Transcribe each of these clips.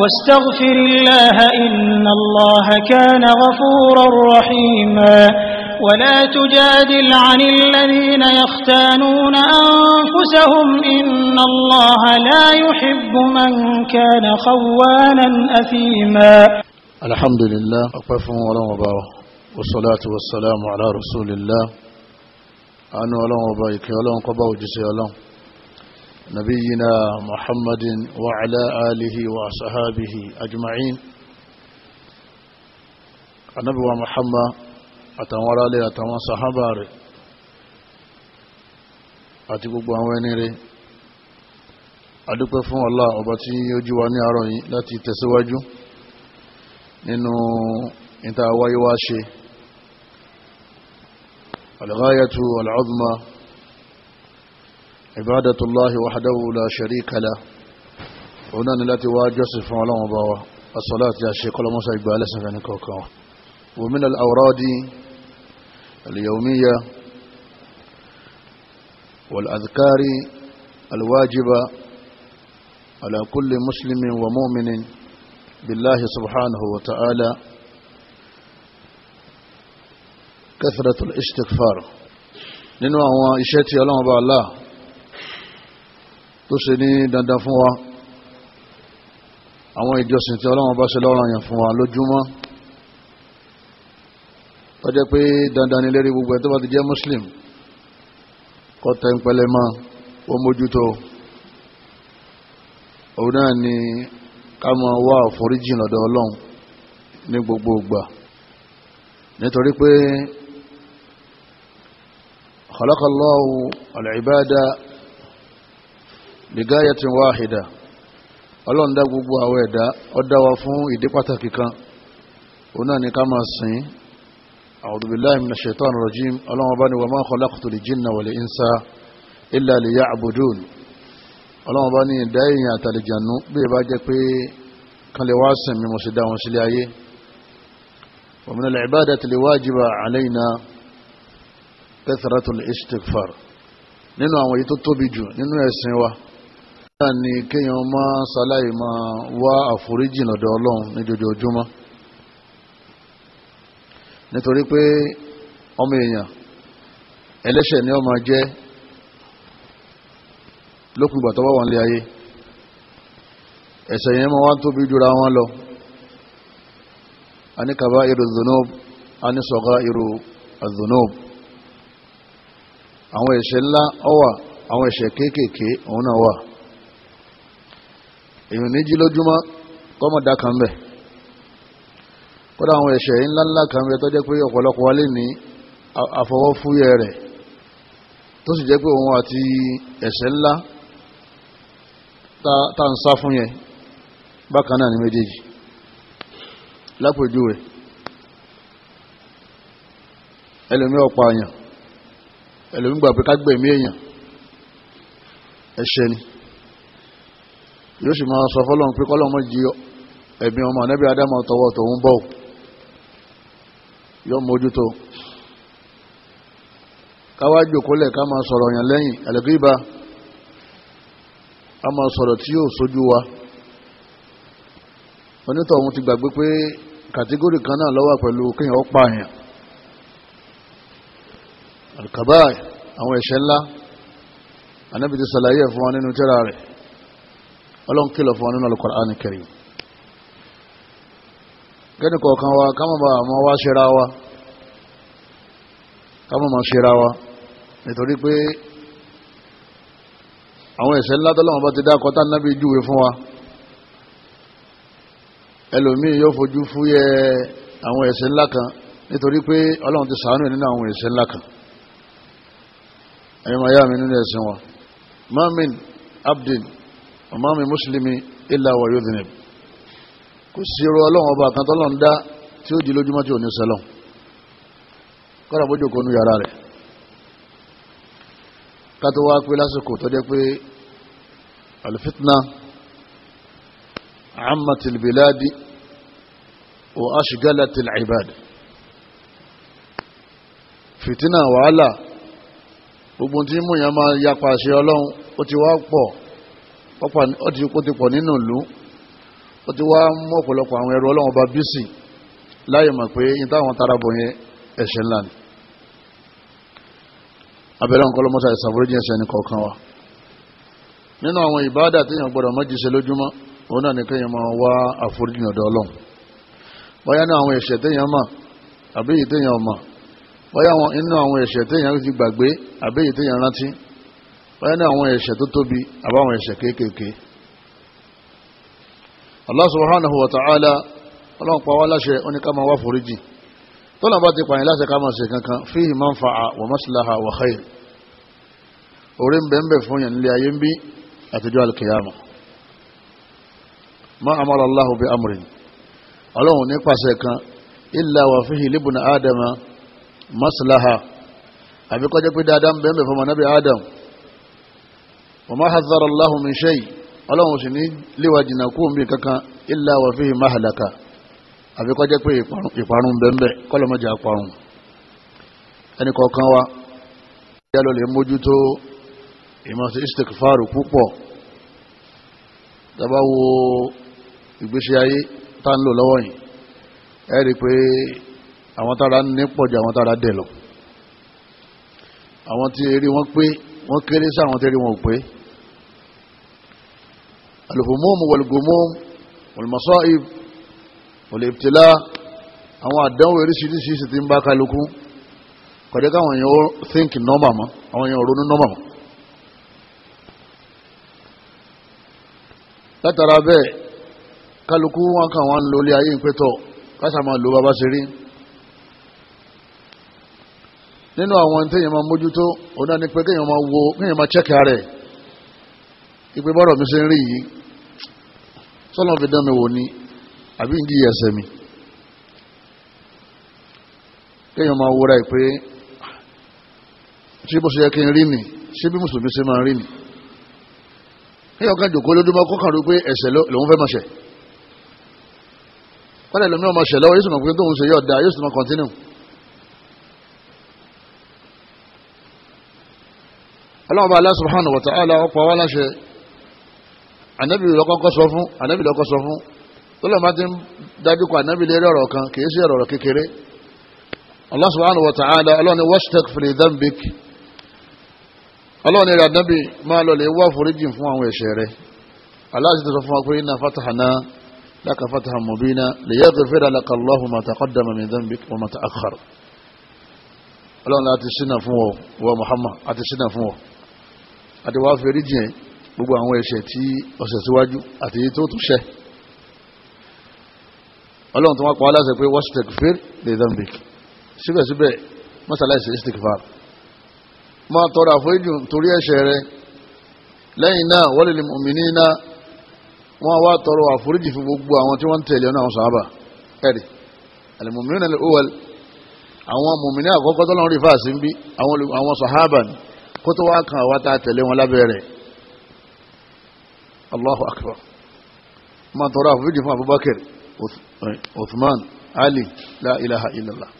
واستغفر الله إن الله كان غفورا رحيما ولا تجادل عن الذين يختانون أنفسهم إن الله لا يحب من كان خوانا أثيما الحمد لله أقفهم ولا مباوة والصلاة والسلام على رسول الله أنه ولا مبايك ولا جسي وجسي الله نبينا محمد وعلى آله وصحابه أجمعين النبي محمد أتنورى لي أتنوى صحابة أتبقى وينيري adúpẹ́ fún Allah ọba tí ó jí wa ní àárọ̀ yìí láti tẹ̀síwájú nínú ìta wáyé wá ṣe al-ghayatu al عبادة الله وحده لا شريك له هنا نلاتي واجس فعلان وبوا الصلاة يا شيخ الله موسى إبالة سفيني كوكو ومن الأوراد اليومية والأذكار الواجبة على كل مسلم ومؤمن بالله سبحانه وتعالى كثرة الاستغفار ننوى هو إشتي الله tó ṣe ní dandan fún wa àwọn ìjọsìn tí ọlọ́run bá ṣe lọ́rọ̀ yẹn fún wa lójúmọ́ ó jẹ́ pé dandan ni lérí gbogbo ẹ̀ tó bá ti jẹ́ muslim kó tẹ́ mọ́ ó mójútó òun náà ni ká máa wá àforíjì lọ́dọ̀ ọlọ́run ní gbogbo ìgbà nítorí pé khalaqa Allahu al ligayatin wahida ọlọ́run dá gbogbo àwọn ẹ̀dá ó dá wa fún ìdí pàtàkì kan òun náà ni ká máa sìn a'udhu billahi minash shaitani rajim ọlọ́run ọba ni wa ma khalaqtul jinna wal insa illa liya'budun ọlọ́run ọba ni ìdá èèyàn àtàlìjànú bí ìbá jẹ́ pé kan lè wá mi mo sì dá wọn sílé ayé wa minal ibadati liwajiba alayna kathratul istighfar nínú àwọn èyí tó tóbi jù nínú ẹ̀sìn wa náà ni kéèyàn máa ṣaláì máa wá àforíjì lọ́dọ̀ ọlọ́run ní jojoojúmọ́ nítorí pé ọmọ èèyàn ẹlẹ́ṣẹ̀ ni ó máa jẹ́ lókùn ìgbà tó bá wà nílé ayé ẹ̀ṣẹ̀ yẹn máa wá tóbi jura wọn lọ a ní kaba iru zunub a ní sọ̀gá iru zunub àwọn ẹ̀ṣẹ̀ ńlá ó àwọn ẹ̀ṣẹ̀ kéékèèké òun náà wà èèyàn méjì lójúmọ́ kọ́mọ̀ dá kan bẹ̀ kódà àwọn ẹ̀ṣẹ̀ ńláńlá kan bẹ tó jẹ́ pé ọ̀pọ̀lọpọ̀ wálé ní àfọwọ́fúyẹ́ rẹ̀ tó sì jẹ́ pé òun àti ẹ̀ṣẹ̀ ńlá tá ń sá fún yẹn bákan náà ní méjèèjì lápòjúwe ẹlòmí ọ̀pá èèyàn ẹlòmí gbà pé ká gbẹ̀mí èèyàn ẹ̀ṣẹ̀ ni yóò sì máa sọ fọ́lọ́n pé kọ́lọ́mọ jí ẹ̀mí ọmọ nẹ́bí adámọ̀ tọwọ́ tòun bọ̀ yóò mójútó káwá jòkólẹ̀ ká máa sọ̀rọ̀ yàn lẹ́yìn àlẹ́gbẹ́bà a máa sọ̀rọ̀ tí yóò sójú wa onítọ̀hún ti gbàgbé pé kàtígórì kan náà lọ́wọ́ pẹ̀lú kíyàn ó pààyàn alkaba àwọn ẹ̀ṣẹ̀ ńlá anábìtì sàlàyé fún nínú tírà rẹ̀ ọlọ́run kìlọ̀ fún wa nínú Al-Qur'an Karim gẹ́ni kọ̀ọ̀kan wa ká mọ̀ wá ṣera wa ká ṣera wa nítorí pé àwọn ẹ̀ṣẹ̀ ńlá tọ́lọ́wọ́n ti dá kọta nábì júwe fún wa ẹlòmíì yóò fojú fúyẹ́ àwọn ẹ̀ṣẹ̀ ńlá kan nítorí pé ọlọ́run ti ṣàánú nínú àwọn ẹ̀ṣẹ̀ ńlá kan ẹ̀yọ́ màá yá mi nínú ẹ̀sìn wa mamin abdin ọmọ mi mùsùlùmí ilà wà yóò dìní kò sí irú ọlọ́run ọba kan tọ́lọ́ ń dá tí ó di lójúmọ́ tí ò ní sẹ́lọ̀ kọ́ra bójú kó nu yàrá rẹ̀ ká wá pé lásìkò tó jẹ́ pé alfitna amatil biladi wa ashgalatil ibad fitina wàhálà gbogbo tí mú yàn máa yapa àṣẹ ọlọ́run ó ti wá pọ̀ ó ti kó ti pọ̀ nínú ìlú ó ti wá mú ọ̀pọ̀lọpọ̀ àwọn ẹrù ọlọ́run ọba bísì láyé mọ̀ pé yín táwọn tara bọ̀ yẹn ẹ̀ṣẹ̀ ńlá ni abẹ́rẹ́ nǹkan lọ́mọ́sá ìsàforíjì ẹ̀ṣẹ̀ ní kọ̀ọ̀kan wa nínú àwọn ìbáàdà tí èèyàn gbọ́dọ̀ mọ́jì ṣe lójúmọ́ òun náà ni kéèyàn máa wá àforíjì báyìí ní àwọn ẹ̀ṣẹ̀ tó tóbi àbáwọn ẹ̀ṣẹ̀ kéékèèké Allah subhanahu wa ta'ala ọlọ́run pa wá láṣẹ oníkàmọ́ wá foríjì tọ́lá bá ti pààyàn láṣẹ káàmọ̀ ṣe kankan fihi manfa'a ń bẹ̀ẹ́ fún yẹn nílé ayé àbíkọ́jẹ́ pé dáadáa ń bẹ̀ẹ́ fún ọmọ adam وما حذر الله من شيء ọlọ́run sì ní léwà jìnnà kú omi kankan illa wa fihi mahlaka àbí kọjá pé ìparun bẹ́ẹ̀ kọlọ́mọjà parun ẹnì kọ̀ọ̀kan wa yá lọ lè mójútó ìmọ̀sí istikfaru púpọ̀ dábàá wo ìgbésí ayé tá ń lò lọ́wọ́ yìí ẹ rí i pé àwọn tára ní pọ̀ ju àwọn tára dẹ̀ lọ àwọn tí eré wọn pé wọ́n kéré sí àwọn tí eré wọn ò pé alhumum walgumum walmasa'ib والابتلاء أو àdánwò oríṣiríṣi sì ti ń bá kálukú kọ̀dẹ́ káwọn èèyàn think normal mọ́ àwọn èèyàn ronú normal mọ́ látara bẹ́ẹ̀ kálukú wọn kàn wọ́n ń lo ilé ayé ìpẹ́tọ̀ káṣà máa lo bàbá ṣe rí nínú àwọn téèyàn máa mójútó òun náà ni pé kéèyàn máa wo kéèyàn máa chẹ́kì rẹ̀ ìpè mi ṣe ń rí yìí sọ́nà fi dán mi wò ni àbí ń jíyẹ ẹsẹ̀ mi kéèyàn máa wúra ẹ̀ pé ṣé bó ṣe yẹ kí n rí ni ṣé bí mùsùlùmí ṣe máa rí ni kéèyàn kan jòkó lójúmọ́ kọ́kàn rí pé ẹ̀ṣẹ̀ lòun fẹ́ máa ṣẹ̀ kọ́lẹ̀ lómi ọmọ ṣẹ̀ lọ́wọ́ yóò sì mọ̀ pé tóun ṣe yọ̀ da yóò sì máa kọ́ntínú. ọlọ́run bá Allah subhanahu wa ta'ala ọ̀pọ̀ wa láṣẹ ànábì lọ́kọ́kọ́ sọ fún ànábì lọ́kọ́ sọ fún tọ́lọ̀ máa ti ń dájú kọ ànábì lérí ọ̀rọ̀ kan kì í sí ọ̀rọ̀ kékeré Allah subhanahu wa ta'ala ọlọ́ni wastaghfir dhanbik ọlọ́ni rẹ̀ ànábì máa lọ lè wá foríjì fún àwọn ẹ̀ṣẹ̀ rẹ̀ Allah ti sọ fún wa pé inna fatahna laka fatahan mubina liyaghfira laka Allahu ma taqaddama min dhanbik wa ma ta'akhkhar ọlọ́ni láti sínà fún àti sínà fún wọ àti gbogbo àwọn ẹ̀ṣẹ̀ tí ọ̀sẹ̀ síwájú àti èyí tó tún ṣẹ̀ ọlọ́run tó wá pa aláṣẹ pé wọ́n ṣètẹ̀kù fèrè lè dánbìk síbẹ̀síbẹ̀ mọ́sálásì ìsìtìkfà máa tọrọ àforíjì torí ẹ̀ṣẹ̀ rẹ lẹ́yìn náà wọ́n lè mọ̀mìnì náà wọ́n wá tọrọ àforíjì fún gbogbo àwọn tí wọ́n ń tẹ̀lé ọ̀nà àwọn sàábà ẹ̀rì àlùmọ̀mìnì náà lọ́wọ́ Allahu akbar ma tọrọ àforíjì fún Abubakar Uthman Ali la ilaha illallah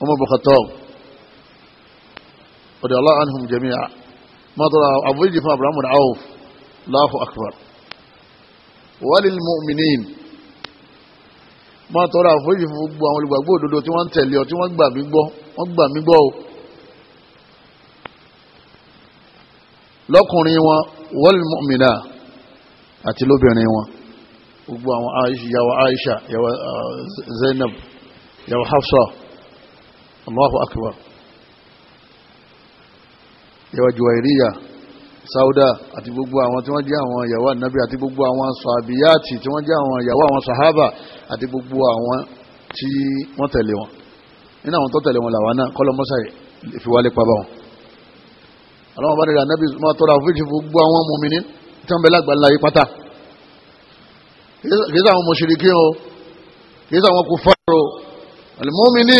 Umar bin Khattab radiyallahu anhum jami'a ma tọrọ àforíjì fún Abraham bin Auf Allahu akbar walil mu'minin ma tọrọ àforíjì fún gbogbo àwọn olùgbàgbọ́ òdodo tí wọ́n ń tẹ̀lé ọ tí wọ́n gbà mí gbọ́ wọ́n gbà mí gbọ́ o lọ́kùnrin wọn wal mu'mina àti lóbìnrin wọn gbogbo àwọn aisha yàwó aisha yàwó uh, zainab yàwó hafsa allahu akbar yàwó juwairiya sauda àti gbogbo àwọn tí wọ́n jẹ́ àwọn yàwó anabi àti gbogbo àwọn sàbíyàtì tí wọ́n jẹ́ àwọn yàwó àwọn sahaba àti gbogbo àwọn tí wọ́n tẹ̀lé wọn nínú àwọn tó tẹ̀lé wọn làwọn náà kọ́lọ́mọ́sà ìfiwálé pa ọlọ́wọ́n bá dẹ̀rẹ̀ anábì máa tọrọ àforíjì fún gbogbo àwọn mùmínì tí wọ́n bẹ lágbàlá yìí pátá kìí sàwọn mùṣírikí o kìí sàwọn kùfàr o àlùmọ́mìnì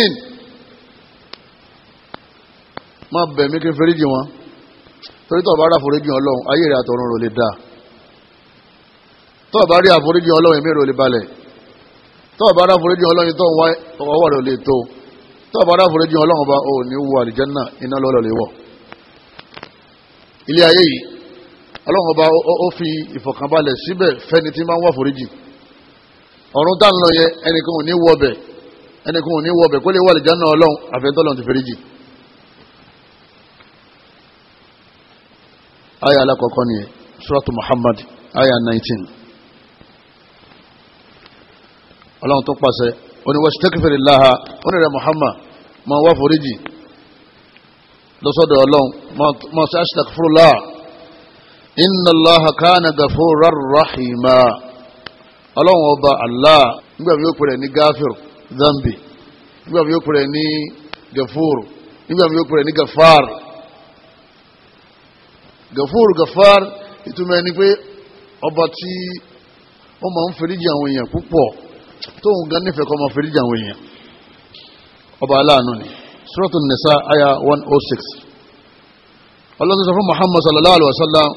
máa bẹ̀ mí kí n foríjì wọn torí tó o bá rí àforíjì ọlọ́run ayé rẹ̀ àtọ̀run rò lè dáa tó o rí àforíjì ọlọ́run èmi rò lè balẹ̀ tó o bá ọlọ́run tó ń wá ọwọ́ rẹ̀ lè tó tó o bá ọlọ́run bá ò ní wọ àlìjánnà iná lọ́lọ́ lè wọ̀. ilé ayé yìí ọlọ́run ọba ó fi ìfọ̀kànbalẹ̀ síbẹ̀ fẹ́ni tí máa ń wá foríjì ọ̀run tá ń lọ yẹ ẹnìkan ò ní wọbẹ̀ ẹnìkan ò ní wọbẹ̀ kó lè wà ti foríjì. aya alakọ̀kọ́ ni suratu Muhammad aya 19 ọlọ́run tó pàṣẹ oníwàṣítẹ́kẹfẹ̀rẹ̀ láha onírẹ̀ Muhammad máa wá foríjì lọ́sọ̀dọ̀ ọlọ́run mọ̀ sí astaghfirullah inna Allaha kana ghafurar rahima ọlọ́run ọba Allah nígbà bí ó pèrè ní gáfír zambi nígbà bí ó pèrè ní gafur nígbà bí ó pèrè ní gafar gafur gafar ìtumọ̀ ẹni pé ọba tí ó máa ń fèrèjì àwọn èèyàn púpọ̀ tóun gan nífẹ̀ẹ́ kọ́ máa fèrèjì àwọn èèyàn ọba aláàánú ni suratul nisa aya 106 ọlọ́run sọ fún muhammad sallallahu alaihi wa sallam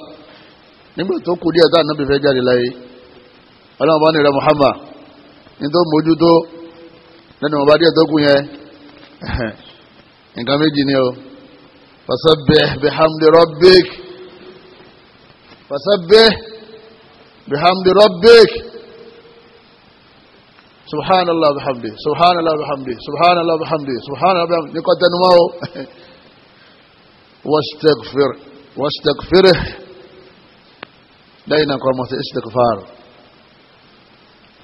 nígbà tó kù díẹ̀ táà nábì fẹ́ jáde láyé ọlọ́run bá ní rẹ muhammad nítorí mójútó lẹ́nu ọba díẹ̀ tó kù yẹn nǹkan méjì ni o fasabbih bihamdi rabbik fasabbih bihamdi rabbik. سبحان الله بحمده سبحان الله بحمده سبحان الله بحمده سبحان الله بحمده نقطة نماو واستغفر واستغفره لين قامت استغفار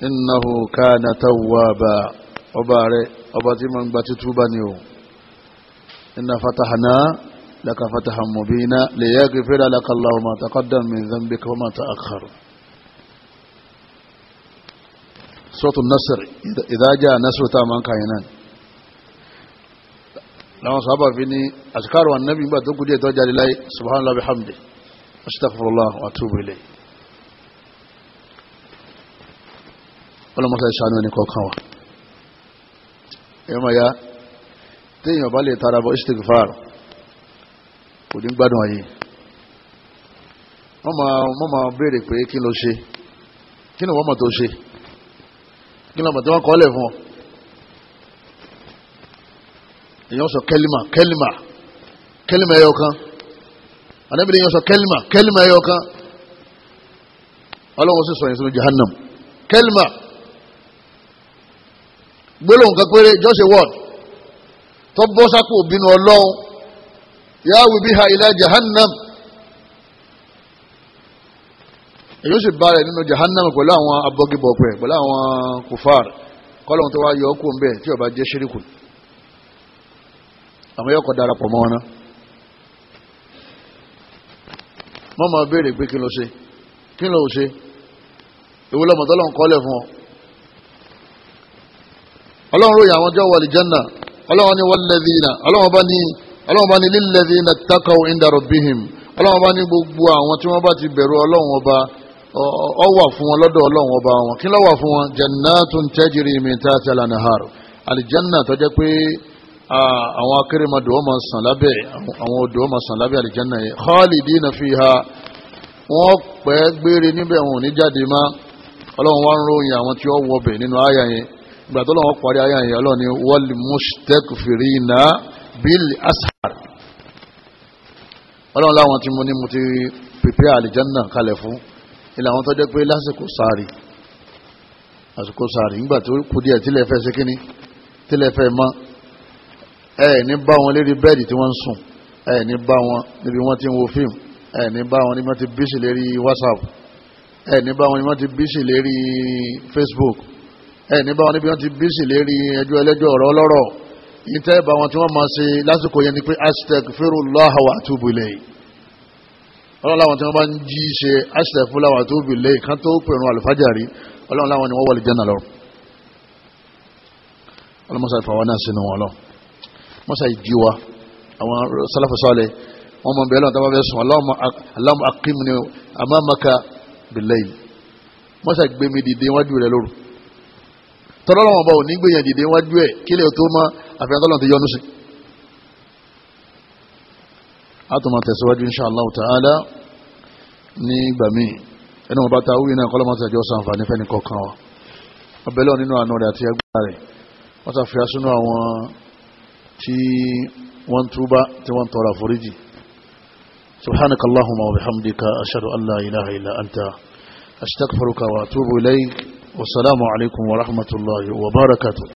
إنه كان توابا وباري وباتي من باتتوبانيو إن فتحنا لك فتحا مبينا ليغفر لك الله ما تقدم من ذنبك وما تأخر sọ́tù nasir ìdájà nasir tá a máa ń kàyìn náà láwọn sábà fi ní àsìkárò annabi nígbà tó kúdí ẹ̀tọ́ jáde láyé subhanallah bihamdi astaghfirullah wa atubu ilayh ọlọ́mọsá ìṣàánú ẹni kọ̀ọ̀kan wa ẹ̀yọ́mọ̀ ya téèyàn bá lè tara bọ́ istighfar kò ní gbádùn ayé wọ́n máa béèrè pé kí ló ṣe kí ni wọ́n mọ̀ tó ṣe kí ló mọ̀ tí wọ́n kọ́ lẹ̀ fún ọ. èèyàn sọ kẹlima kẹlima kẹlima ẹyọ kan ànábìrin èèyàn sọ kẹlima kẹlima ẹyọ kan ọlọ́run sì sọ yẹn sínú jahannam kẹlima gbólóhùn kan péré just a word tó bọ́ sápò bínú ọlọ́run yáwù bíhà ila jahannam. e ó sì bá rẹ̀ nínú jahannama pẹ̀lú àwọn abọ́gibọ̀pẹ̀ pẹ̀lú àwọn kùfàr kọ́lọ̀n tó wá yọ ọkùn bẹ̀ tí ó jẹ́ ṣíríkù àwọn yọkọ̀ darapọ̀ mọ́ ọ́nà wọ́n béèrè pé kí ló ṣe kí ló ṣe ìwé lọ́mọ kọ́lẹ̀ fún ọ ọlọ́run ròyìn àwọn ọlọ́run wọ́n ọ wà fún wọn lọ́dọ̀ ọlọ́run ọba wọn kí ló wà fún wọn jannatun tajri min tahtiha al-anhar alijanna tó jẹ́ pé àwọn akérèmọdò ọmọ sàn lábẹ́ àwọn odò ọmọ sàn lábẹ́ alijanna yẹn khalidina fiha wọ́n pẹ́ gbére níbẹ̀ wọn ò ní jáde má ọlọ́run wá ń ròyìn àwọn tí ó wọbẹ̀ nínú àyà yẹn ìgbà tó lọ́wọ́ parí àyà yẹn ọlọ́run ni wal mustakfirina bil ashar ọlọ́run láwọn tí mo ní mo ti pèpè àlìjánà kalẹ̀ fún ilẹ̀ àwọn tó jẹ́ pé lásìkò sáré àsìkò sáré nígbà tó kù díẹ̀ tílẹ̀ fẹ́ ṣe kíní tílẹ̀ fẹ́ mọ́ ẹ ní bá wọn lérí bẹ́ẹ̀dì tí wọ́n ń sùn ẹ ní bá wọn níbi wọ́n ti ń wo fíìmù ẹ ní bá wọn níbi wọ́n ti bíṣì lérí whatsapp ẹ ní bá wọn níbi wọ́n ti bíṣì lérí facebook ẹ ní bá wọn níbi wọ́n ti bíṣì lérí ẹjọ́ ẹlẹ́jọ́ ọ̀rọ̀ ọlọ́rọ̀ ìtẹ́ bá wọn tí wọ́n máa ṣe lásìkò yẹn ni pé astagfirullah wa atubu ilayhi ọlọ́run láwọn tí wọ́n bá ń jí ṣe aṣẹ́fún láwọn tó bì lẹ́yìn kan tó pèrún àlùfájàrí ọlọ́run láwọn ni wọ́n wọlé jẹ́nà lọ ọlọ́mọsá ìfàwọ́ náà sínú wọn lọ mọ́sá ìjí wa àwọn sálàfẹ́ wọ́n mọ̀ bẹ́ẹ̀ lọ́wọ́n tó bá fẹ́ sùn Allahumma aqimni amamaka bil-layl mọ́sá gbé mi dìde wájú rẹ̀ lóru tọ́lọ́wọ́n bá ò ní gbé yẹn dìde wájú ẹ̀ kílẹ̀ tó mọ́ àfihàn tọ́lọ́wọ́n àtùmọ̀ tẹ̀síwájú insha Allah ta'ala ní ìgbà míì ẹnu ọba ta wúyìn náà kọ́lọ́mọ́ tẹ̀jọ́ sàǹfààní fẹ́ni kọ̀ọ̀kan wa ọbẹ̀lọ́ nínú àánú rẹ̀ àti ẹgbẹ́ rẹ̀ wọ́n sàfihà sínú àwọn tí wọ́n túbá tí wọ́n tọrọ àforíjì subhanaka allahumma wa bihamdika ashhadu an la ilaha illa anta astaghfiruka wa